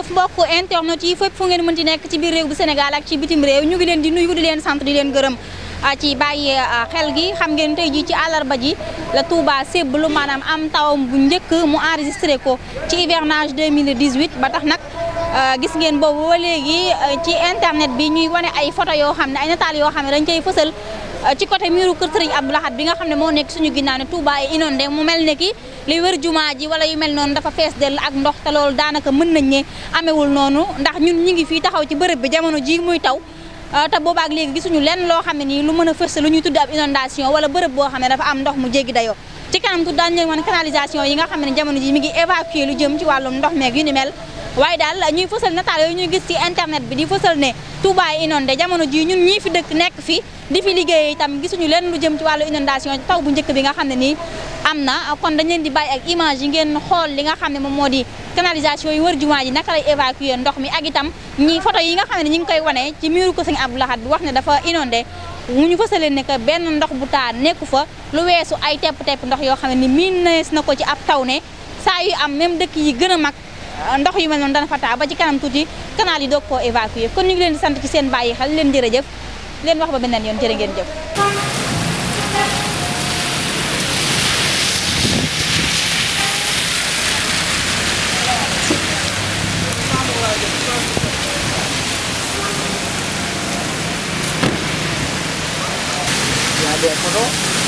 jërëjëf mbokk internet yi fépp fu ngeen mën di nekk ci biir réew bu Sénégal ak ci bitim réew ñu ngi leen di nuyu di leen sant di leen gërëm ah, ci bàyyi ah, xel gi xam ngeen tey ji ci àllarba ji la Touba sébbalu maanaam am tawam bu njëkk mu enregistré ko ci hivernage 2018 ba tax nag Euh, gis ngeen boobu ba léegi euh, ci internet bi ñuy wane ay photo yoo xam ne ay nataal yoo xam ne dañ cay fësal euh, ci côté miiru kër Serigne Abdou bi nga xam ne moo nekk suñu ginnaaw ne Touba ay inondé mu mel ne ki li wër jumaa ji wala yu mel noonu dafa fees dell ak ndox te loolu daanaka mën nañ ne amewul noonu ndax ñun ñi ngi fii taxaw ci bërëb bi jamono ji muy taw te boobaak léegi gisuñu lenn loo xam ne nii lu mën a fësal lu ñuy tudd ab inondation wala bërëb boo xam ne dafa am ndox mu jéggi dayoo ci kanam tudd daañu leen yi nga xam ne jamono ji mi ngi évacuer lu jëm ci wàllum ndox meeg yu ni mel waaye daal la ñuy fësal nataal yooyu ñuy gis ci internet bi di fësal ne Touba yi inondé jamono ji ñun ñii fi dëkk nekk fi di fi liggéey itam gisuñu leen lu jëm ci wàllu inondation taw bu njëkk bi nga xam ne nii am na kon dañ leen di bàyyi ak image yi ngeen xool li nga xam ne moom moo di canalisation yi wër jumaa ji naka lay évacuer ndox mi ak itam ñi photo yi nga xam ne ñi ngi koy wane ci miiru ko sëñ ab Lahad bi wax ne dafa inondé mu ñu fësalee ne que benn ndox bu taal nekku fa lu weesu ay tepp-tepp ndox yoo xam ne ni miin nees na ko ci ab taw ne saa yu am même dëkk yi gën a mag ndox yu mel noonu dana fa taa ba ci kanam tuuti canal yi doog koo évacuer kon ñu ngi leen di sant ci seen bàyyi xel leen jërëjëf leen wax ba beneen yoon jërë ngeen jëf